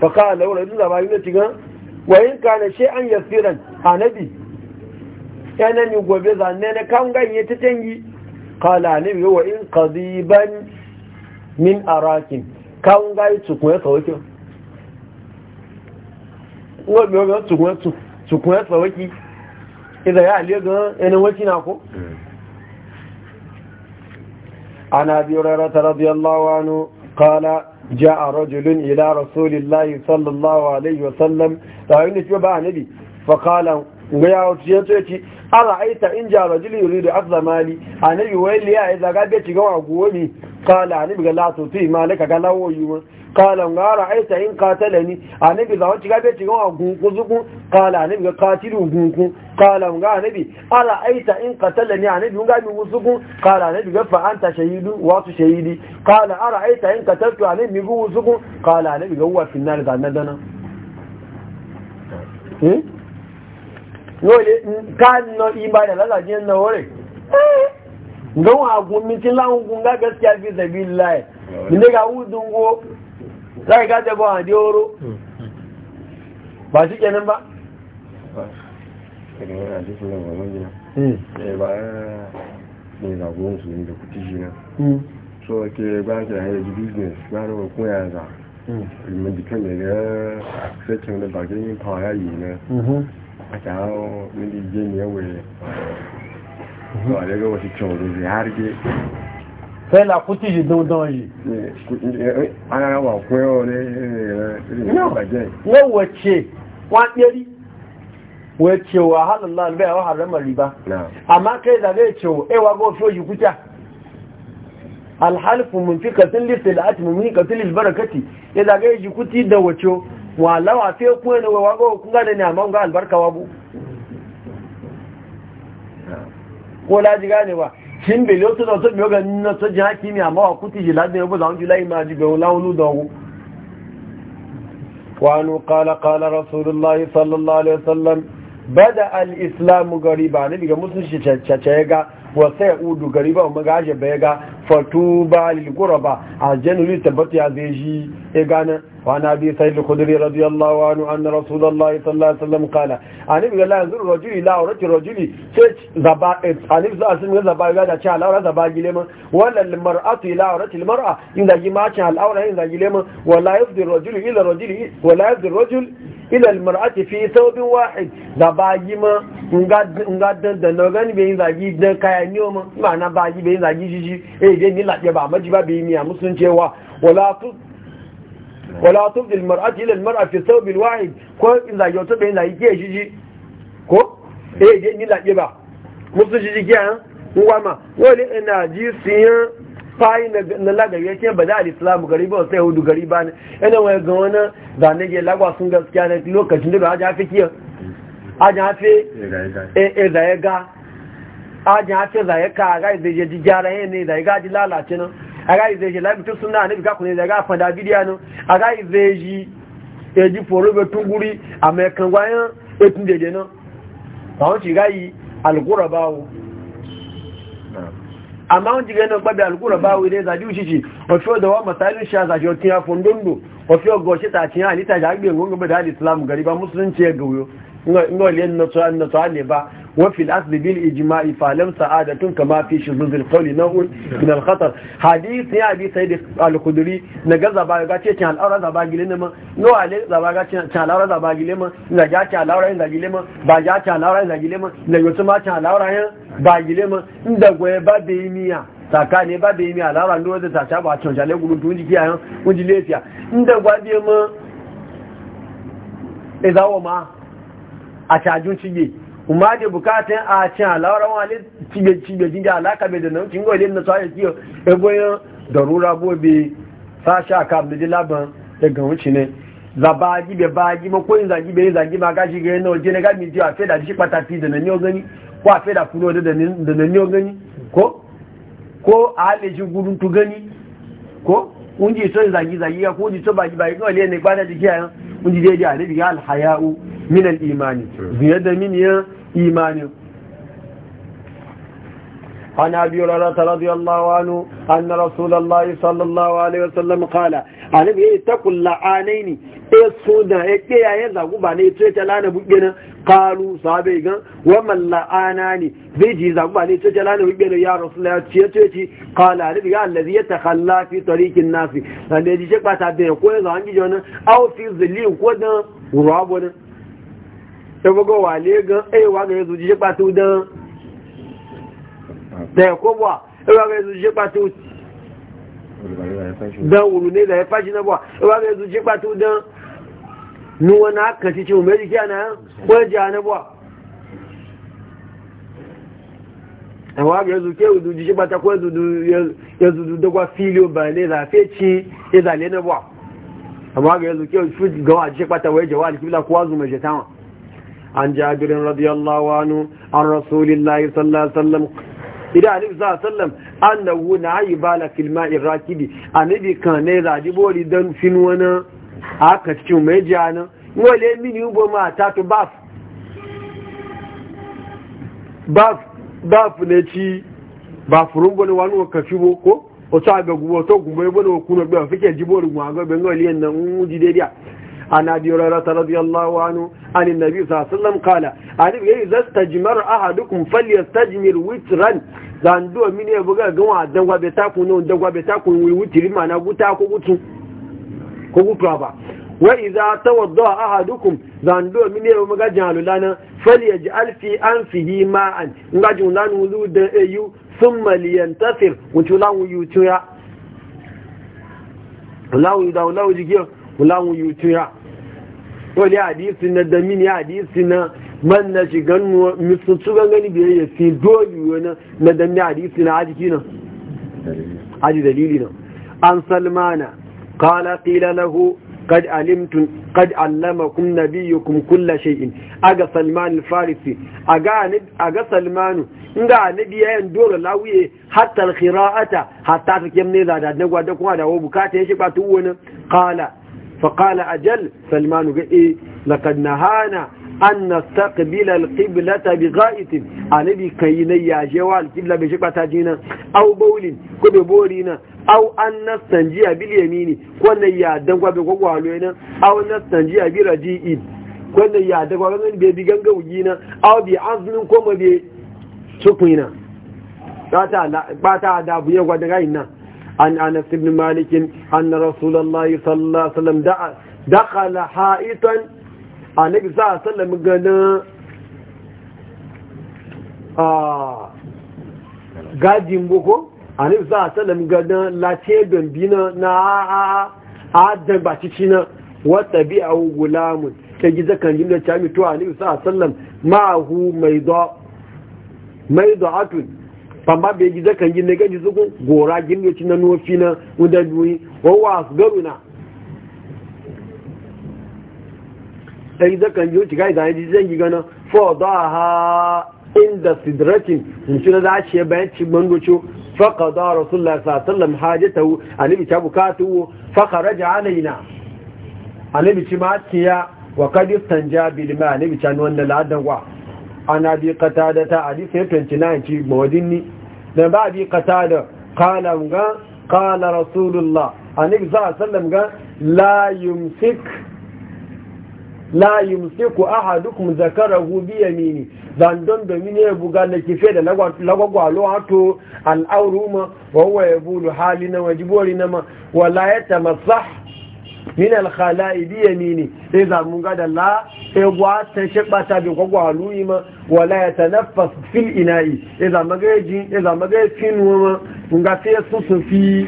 fa qala law rajul da bayin tiga wa in kana shay'an yasiran annabi yana ni gobe zanne ne kan ganye ta tangi qala annabi wa in qadiban min arakin kan gai tukun ya sawaki tukun tukun idan ya halye ga yanin waki na ku ana biyar rata radiyallahu anu a rajulun ila rasulillahi sallallahu alaihi wasallam da hanyar ciwo ba a nabi fakalan gaya ya ce ci ala aita in ja rajulun yuri da azamani a nabi wani liya ya zaga ga ci gawa gowa ne kala ni biga la to ti ma le kaga lawo yi won kala ngara aita in katala ni anabi zawo ci gabe ci gawa gun kuzuku kala anabi ga katilu gun kun kala nga anabi ala aita in katala ni anabi nga mi wusuku kala anabi ga fa anta shahidu wa tu shahidi kala ara aita in kataltu anabi gu wusuku kala anabi ga wa finnar da nan dana eh no le kan no imba da la jin no ore don hagun mitin lahun kunga gaskiya fi sabi lai inda ga hudun go za ka gaje ba hadi oro ba shi kenan ba so ke ba ki da hanyar business ba da kun ya za hmm. ilmin jikin da ga section da bakin yin kawai yi ne hmm. a kyawun mini jini yawai fẹ́lá kú tí yìí dandan yìí ara wà pẹ́ ọ̀rẹ́ ìrìnàbàjẹ́ wọ́n wọ̀ce wọ́n pẹ́rí wọ̀ce wà hálàlá lẹ́ àwọn àrẹ́mà ríbá àmá kẹ́ẹ̀dà lẹ́ ce wọ́ ẹwà eh, gọ́ fí òyí kúta alhálfù mún fi kàtún lè da ati mún ní kàtún lè barakati ya gẹ́ yìí da wọ̀ce wà láwà fẹ́ kún ẹni wọ́n gọ́ kún gádẹ́ ni àmá ń albarka wa bu? ko laji ba shin bai lotu da otu yoga ga ta soji haki ne amma wa kuti ji lajin yabo zaun jula ma ji bai launu da wu wani kala kala rasulullah sallallahu alaihi wasallam bada al-islamu ba ne daga cacce ya ga wasu ya udu gari ba umar gaje bai ga fatuba lil ghuraba aljannu li tabbati azeji e gana wa na sayyid khudri radiyallahu anhu anna rasulullahi sallallahu alaihi wasallam qala ani bi la yanzuru rajuli la urati rajuli sai zaba e, ani bi asim zaba ga da cha laura zaba gile ma wala al la urati al inda ji ma cha laura inda gile ma wala yafdi rajulu ila rajuli wala yafdi rajul ila al fi thawbin wahid zaba gi ma nga nga dan dan gani inda gi dan ma ma na ba gi inda gi jiji e zai je ni laɗe ba maji ba bi miya musun cewa wala tuf dil mar'ati ila al-mar'a fi thawb al-wahid ko in zage wata bai zage ke shi ko eh je ni laɗe ba musun shi ke an uwa ma wani ina ji siyan fayi na lagari ya ce ba za a islamu gari ba sai hudu gari ba ne yana wani ga wani zane ke lagwa sun gaskiya na lokacin da ba a jafi kiyar a jafi e zaye ga ajin hace zai ka ga zai je jijjara yin ne zai gaji lalace nan a ga zai je labitin suna ne bi kakuni zai ga fada bidiya nan a ga zai ji eji forobe foro bai tunguri a mai kan gwayan etun dede nan a wancin gayi alkura bawo amma wancin gayi nan gbabi alkura bawo ne zaji ushishi wafi yau da wa shi sha zaji wa tiya fundundo wafi yau goshe ta cinya halitta da hagbin gungun bai da halittu lamu gari ba musulunci ya gauyo inga waliyan na tsohon ne ba وفي الأصل بالإجماع فلم سعادة كما في شذوذ القول نوع من الخطر حديث يا أبي سيد الخدري نقل زباقا تشان الأرى زباقا لنما نوع عليه زباقا تشان الأرى زباقا لنما نجا تشان الأرى زباقا لنما باجا تشان الأرى زباقا لنما نيوتما تشان الأرى زباقا لنما ندقوا بابيميا ne ba da yi mai alara ndo da tasha ba can shale gudun tun jiki a yan kunji lefiya inda gwabe ma izawo ma a cajin cige kuma da bukatun a cin halawar wani cibiyar jirgin alaka mai da nan cin gole na sa yake eboyin darura bobe sa sha kam da jilaban daga wuce ne za gibe ba bagi ma ko yin zagi bai zagi ma gashi ga yana waje na gami ji, a da shi patati da nan yau gani ko a da kuno da nan yau gani ko ko a halin shi gudun tu gani ko unji so zagi zagi ya ko ji so baki baki kawai ne ba da jiki ayan unji dai dai alibi ya alhaya'u min al-imani hmm. ziyada min ya imani Ana أبي هريرة رضي الله عنه أن رسول الله صلى الله annabi yayi takul la'anaini e so da e ke yayin zagu ba ne to ta lana bugge na kalu sahabe gan wa la'anani zai ji zagu ba ne to ta lana bugge na ya rasulullahi ce ce ci qala annabi ya allazi yatakhalla fi nasi dan da ji ce ba ta da ko aw fi ko ta bugo wale gan ga ba da ko ba ga ba dan wulu ne da ya fashi na ba e ba ga yanzu jiba to dan nu wani haka ci ci umari ki ana ko ji na buwa a e wa ga yanzu ke wudu jiba ta ko yanzu da kwa filio ba ne da ci ya zale na ba amma e ga yanzu ke shi gawa wa jiba ta wai jawali kibla ko azu mai jatawa an jabirin radiyallahu anu, an rasulillahi sallallahu alaihi idan ali sallallahu alaihi wasallam annahu na'i bala fil ma'i rakidi annabi kan ne radi bori dan fin wana aka cikin mai jana wale mini ubo ma ta to baf baf baf ne ci baf rungo ne wani ka fi ko o ta ga gubo to gubo bone ko kuno be fike jibori mu aga be ngoli en nan mu ji dai dia عن أبي هريرة رضي الله عنه عن النبي صلى الله عليه وسلم قال عارف إذا استجمر أحدكم فليستجمر وترا زاندو من يبقى يبغى جوا دعوة بتاكون دعوة بتاكون ويوتر ما نقطع كوكتو كوكتو أبا وإذا توضع أحدكم زاندو من يبقى جعلوا لنا فليجعل في أنفه ماء نجعل لنا ولود أيو ثم لينتصر ونجعل لنا ويوتيا ولو يدعو لو جيجير ولو يوتيا wani hadisi na damin ya hadisi na man na shigan mutuntu gangani biyar ya fi doli wani na damin ya hadisi na hajji nan hajji dalili nan an salmana kala kila lahu قد علمتم قد علمكم نبيكم كل شيء اغا سلمان الفارسي اغا اغا سلمان انغا نبي يان دور لاوي حتى القراءه حتى تكمني kuma نغوا دكوا دا وبكاته شي باتو قال فقال أجل سلمان قال إيه لقد نهانا أن نستقبل القبلة بغائت الذي كيني جوال قبلة بشكبة تاجينا أو بول كببورينا أو أن نستنجي باليمين كون يادن بقوة علينا أو نستنجي برجيء كون يادن وبقوة بيغنغوينا أو بعظم كوم بسكوينا باتا دابو يغوى دغاينا عن أنس بن مالك أن رسول الله صلى الله عليه وسلم دخل حائطا النبي صلى الله boko a nufi za a salam gadon lace dombi na adan bacici na wata bi a gizo kan jimla cami to a nufi za a salam ma'ahu mai do'atun famba bai ji zakan yi ne gaji zuku gora ci na nufi na wanda duyi wawa su garu na yi zakan ji wuce gai zane ji zan gi gana for da ha inda sidratin in shi na za shi e bayan ci mangocho faka da rasulullah sallallahu ta wu nabi ta bukatu wu faka raja alaina nabi ci ma tiya wa kadistan jabi lima nabi ta da ladan wa ana bi qatada ta hadisi 29 ci mawadinni dan ba bi qatada qala ga qala rasulullah annabi sallallahu Sallam ga la yumsik la yumsiku ahadukum zakarahu bi yamini dan don da ya buga da kife da lo hato al'auruma wa huwa yabulu halina na ma wala yatamassah min al-khala'i bi yamini sai mun ga da la egwa ta shi bata bin kwakwa haluyi ma wala ya tanaffas fil ina'i ya zama gaji ya finu ma nga fiye su su fi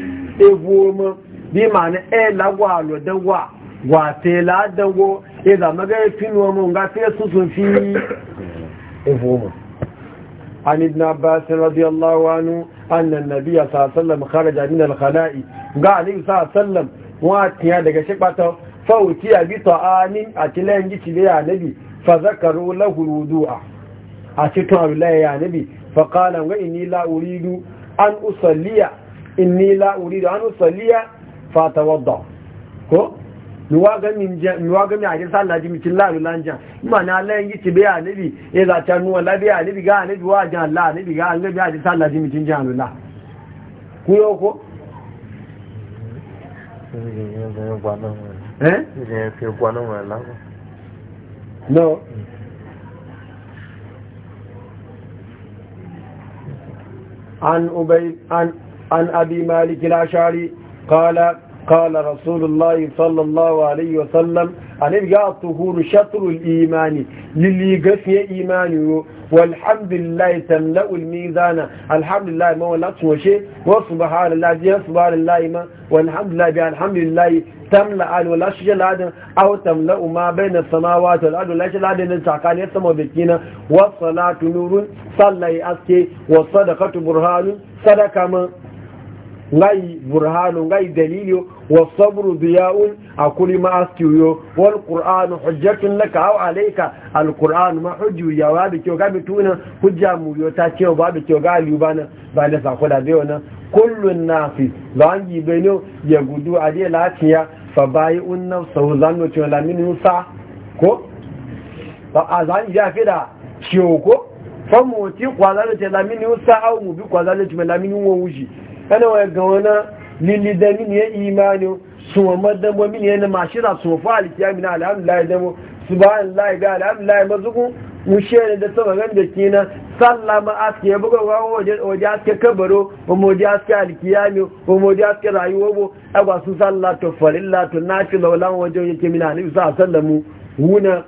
ma bi ma'ana e lagwa halo dagwa gwa te la dagwo ya zama gaji finu ma nga fiye su su fi ma عن ابن عباس رضي الله عنه أن النبي صلى الله عليه وسلم خرج من الخلاء قال عليه صلى الله عليه وسلم واتيا دقى fauti a bi ta'amin a tilayen gici da ya nabi fa zakaru lahu wudu'a a cikin abdullahi ya nabi fa qala wa in ni uridu an usaliya in ni uridu an usaliya fa tawadda ko ni wa ga min je ni wa ga mi ajin sallah ji mitin la lanja ma na la yin gici ya nabi ya e za ta nuwa la bi ga nabi wa jan la nabi ga an ga bi ajin sallah ji mitin jan la ku ko Eh? Je fi gwanin wani lagun. No. عن أبي عن عن أبي مالك الأشعري قال قال رسول الله صلى الله عليه وسلم أن يبقى الطهور شطر الإيمان للي قفي إيمانه والحمد لله تملأ الميزان الحمد لله ما ولا شيء وسبحان الله جي سبحان الله ما والحمد لله بها الحمد لله tamla al la shi ladin aw tamla ma baina samawati wal ardi la shi ladin tsakani ya sama bikina wa salatu nurun sallai aske wa sadaqatu burhanu sadaka man ngai burhanu ngai dalilu wa sabru diya'un akuli ma yo wal qur'an hujjatun laka aw alayka al qur'an ma hujju ya wa bi kyoga tuna hujja mu yo ta ce ba bi kyoga alubana ba da sakoda zai kullun nafi zangi beno ya gudu a lafiya fa bayi unnan sau zanu ce wala min musa ko fa azan ya fi da ciwo ko fa mu ti kwazan ce lamini min musa au mu bi kwazan ce lamini min wo wuji kana wa ga wana lili da min ya imani su wa madan wa min mashira su fa mini alhamdulillah da mu subhanallahi ga alhamdulillah mazuku mushe da sama ganda da kina sallah ma aske ya buga wa waje aske kabaro wa aske alkiyami wa moji aske rayuwa bo agwa su sallah to farilla to ci laulan waje yake mina ni sa sallamu wuna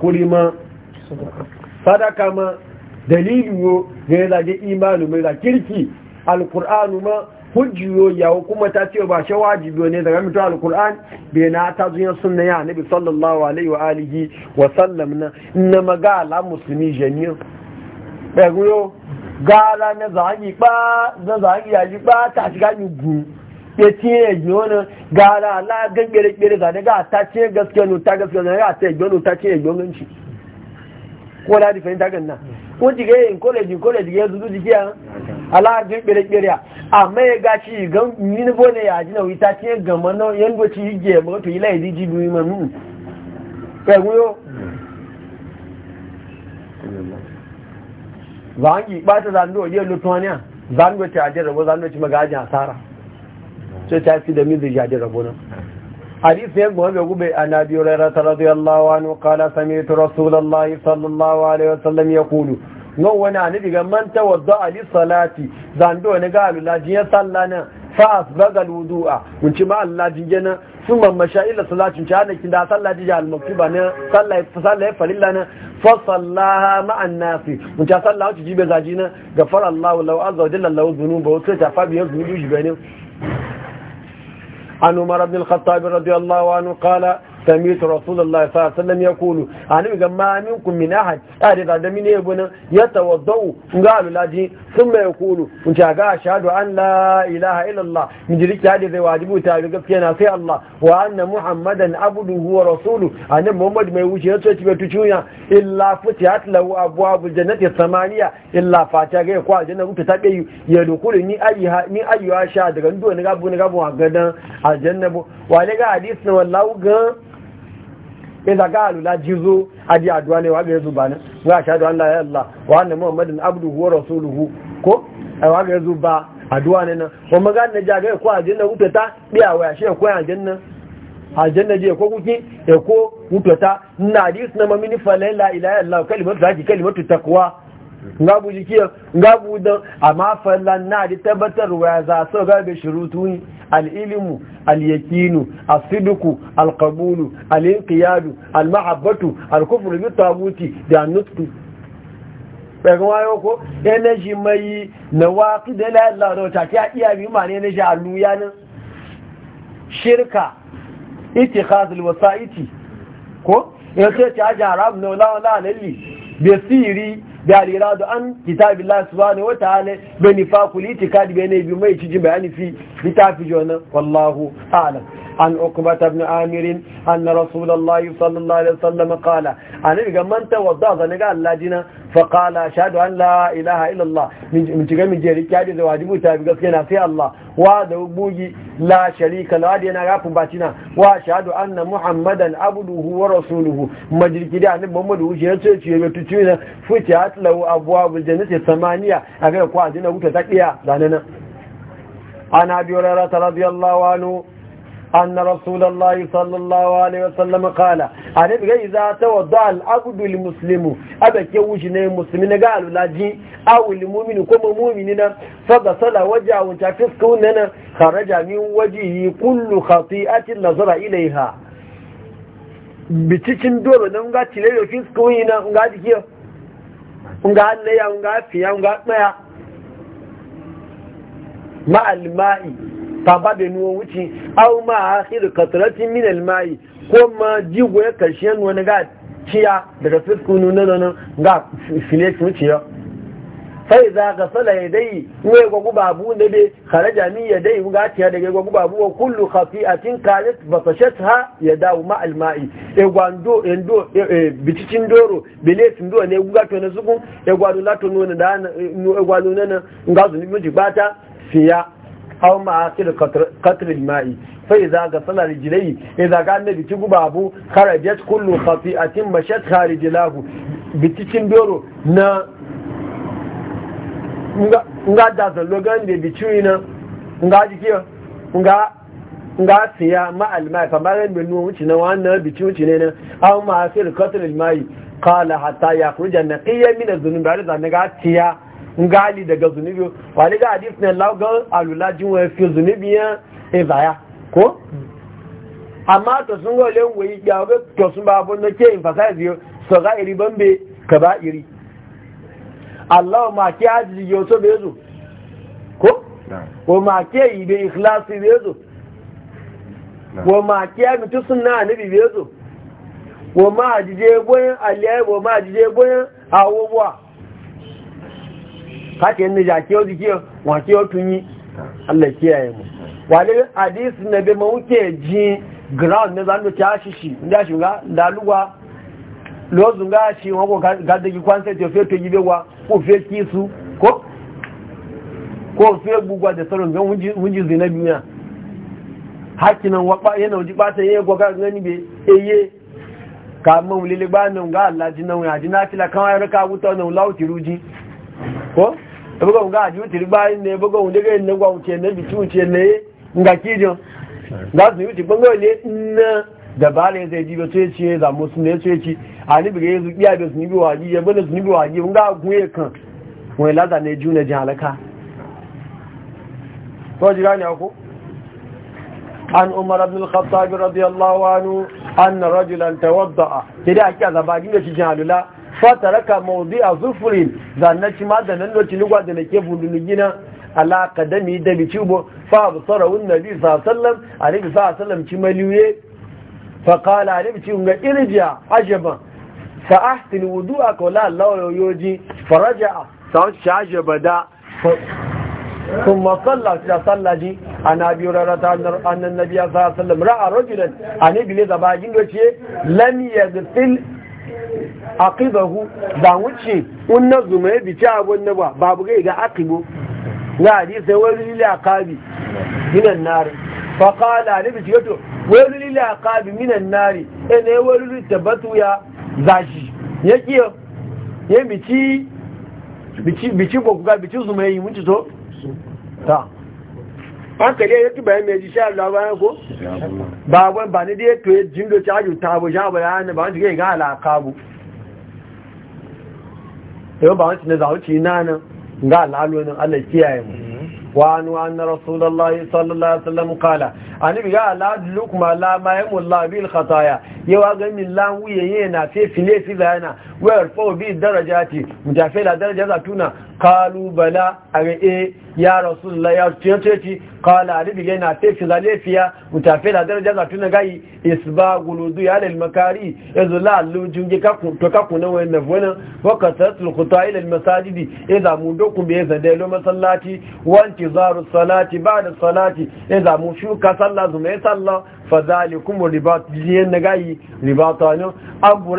kuli ma sadaka ma dalilu ga ya zage imanu mai da kirki alkur'anu ma hujjiyo ya kuma ta ce ba shi wajibi ne daga mutu alkur'an bai na ta zuyan sunna ya nabi sallallahu alaihi wa alihi wa sallam na na magala musulmi jami'a ɗaguyo gala na zagi ba na zagi ya ji ba ta shiga ni gu ya ce ya ji wani gala ala gan gere gere daga ta ce gaske no ta gaske zane ga ta ya gyono ta ce ya gyonon ci ko la di fahimta ganna ko jige college college ya zuzu jikiya alajin kere-kere amma ya gashi gan ninibo ne ya ji na wita ce gama na yanzu ci yi ge to yi laidi ji duyi ma nun ƙwaiwu e yo zangi ɓata zando yi lutuwaniya zango ta ajiyar rabo zango ci magaji asara ce ta fi da mizu ji ajiyar rabo nan حديث يقول يقول أن أبي هريرة رضي الله عنه قال سمعت رسول الله صلى الله عليه وسلم يقول ngon wani ani diga man tawadda ali salati zando ne ga alula jin sallana fa asbaga alwudu'a mun ci ma Allah jin jana summa mashaila salati ta ne kin da sallati ja almaktuba ne sallai sallai falilla ne fa sallaha ma annasi mun ta sallahu ji be zaji ne gafara Allah law azza wa jalla law dhunuba wa ta fa bi zunubi ji bane an umar ibn al-khattab radiyallahu anhu qala سميت رسول الله صلى الله عليه وسلم يقول أنا ما منكم من أحد أريد هذا من يبنى يتوضأ قالوا لاجي ثم يقول أنت أشهد أن لا إله إلا الله من جريك هذه ذي واجبه تعالى قفتنا في الله وأن محمدا عبده ورسوله أنا محمد ما يوجد يتوى تشويا إلا فتحت له أبواب الجنة الثمانية إلا فاتحة يقوى الجنة متتابعي يدخل ni ayyuha من ayyuha sha daga ndo ni gabu ni gabu a gadan aljanna bo iza ga alula jizu aji addu'a ne wa ga bana wa ashhadu an la ilaha illallah wa anna muhammadan abduhu wa rasuluhu ko ai e, wa ga ba addu'a ne ko magan ne jaga ko ajin na gutata biya wa shi ko ajin nan aljanna je ko kuki e ko mutata na na mamini fa la ilaha illallah kalimatu taqwa nga bu jikiya nga bu amma fallan na da tabbatar wa za so ga be shurutun al-ilmu al-yaqinu as-sidqu al-qabulu al-inqiyadu al-mahabbatu al-kufru bi tabuti da nutqu daga wayo ko energy mai nawaqi da la Allah da ta ta iya bi ma ne na ja aluya nan shirka ittikhaz al-wasa'iti ko yace ta ja haram no la la lalli bi siri بالإرادة أن كتاب الله سبحانه وتعالى بنفاق الاتكاد بين بما يتجي بيان في كتاب جونا والله أعلم عن عقبة بن عامر أن رسول الله صلى الله عليه وسلم قال أنا إذا من توضع ذنك الله جنا فقال أشهد أن لا إله إلا الله من تقول من جهة كادي زواجبه تابقى سينا في الله وهذا أبوي لا شريك لا دينا غافن باتنا وأشهد أن محمدا عبده ورسوله مجرد دي أنا محمد وشهد سيئة تتوين فتحت له أبواب الجنة الثمانية أغير قوة دينا وتتكليا لأننا عن أبي هريرة رضي الله عنه أن رسول الله صلى الله عليه وسلم قال أعرف إذا توضع العبد المسلم أبك يوجنا المسلمين قالوا لاجي أو المؤمن كم مؤمننا فغسل وجهه وانتفس كوننا خرج من وجهه كل خطيئة نظر إليها bicikin dole نمغا nga cire كوننا نمغا تكيو نمغا nga نمغا nga نمغا nga fiya nga baba da nuwa wuce au ma akhir katratin min almai ko ma jigo ya karshen wani ga ciya daga fisku nuna nan ga file ciya sai za ka sala ya dai ne gwagu babu ne be kharaja min ya dai ga ciya daga gwagu babu wa kullu khafi'atin kanat basashatha ya dawo ma almai e gwando endo biticin doro bele tindo ne guga to na zugun e gwado lato nuna da e gwado nana ga zuni miji bata fiya aw ma ma'asir qatr al-ma'i fa idza ghasala rijlayhi idza ga annabi ci gubabu kharajat kullu khati'atin mashat kharijlahu bitikin doro na nga nga da zallo ga da biciwi na nga jikiya nga nga siya ma al-ma'i fa ma ran binu wuci na wannan bici wuce ne na aw ma ma'asir qatr al-ma'i qala hatta yakhruja naqiyyan min adh-dhunub ba da ga tiya gali daga zunubi wani ga hadis ne lagos alulajin wani fi zunubi e ya ibaya ko amma to sun gole wai ya ga to sun ba abun da ke emphasize yo so ga iri bambe ka ba iri Allah ma ke haji yau so be zo ko ko ma ke yi be ikhlasi be zo ko ma ke mutu suna anabi be zo ko ma ajije goyon aliyar ko ma ajije goyon awobwa kake ne ja ke ji ke wa ke tun yi Allah kiyaye mu wale hadisi ne be mun ke ji ground ne zan ta shishi nda shinga da luwa lozu nga shi wako ga da ki kwanse to fe to gibe wa ko fe kisu ko ko fe bugwa da sauran ga munji zinabi na hakinan wapa yana uji bata yayi ko ga ngani be eye ka mun lele ba nan ga Allah jinan ya jinafila kan ayyuka wuta nan lauti ruji ko ebogo nga aji utiri gba ne ebogo undege ne gwa uche ne bitu uche ne nga kijo nga zuni uti bongo ne na da bale zai jibe to yace za musu ne to yace ani bige yezu biya da zuni biwa ji ya bane zuni biwa ji nga guye kan wai laza ne juna ji halaka ko ji gani ako an umar ibn al-khattab radiyallahu anhu anna rajulan tawadda kida aka zabagin da shi jalula fataraka maudi a zufurin zanen shi madanin lokacin lugwa da nake bundunugina alaka da mi da mici bo fa abu sarawun nabi sasallam a nabi sasallam ci maliwe fa kala a nabi cikin ga irijiya ajiyaban fa ahtin wudu a kola lauyo yoji faraja a sa'on shi ajiyaba da sun masalla shi da sallaji a nabi rarata annan nabi sasallam ra'a rajulan a nabi ne zaba gingo ce lamiyar fil aqibahu da wuce unna zuma ya bici abun na ba babu ga ga aqibo ga hadisi wani lili aqabi minan nari fa qala ni bici to wani lili aqabi minan nari ene wani lili tabatu ya zashi yake ya bici bici bici ga bici zuma yi mun ci to ta hankali ya yake bayan mai jisha Allah bayan ko ba wani ba ni da ya toye jindo ta ajiyu ta abu sha bayan ba wani cikin ga alaka bu yau ba wani cikin zaunci na nan ga alalonin Allah kiyaye mu وعن أن رسول الله صلى kala. عليه وسلم قال أنا بقى لا أدلوك ما لا ما يم الله به الخطايا يواغن من الله ويهينا في فلي في ذهنا ويرفعوا به الدرجات متعفل درجة tuna. kalu bala a ra'e ya rasulullah ya tuya ci kala alibi yana tafi zalefiya mutafe da daraja za tuna gayi isba gulodu ya lil makari yanzu la alu jungi to kaku na wani nafwana wa kasatul khuta masajidi ya zamu doku be zade lo masallaci wanti zaru salati ba'da salati ya zamu shuka sallah zuma sallah kuma ribat jiyan gayi ribatano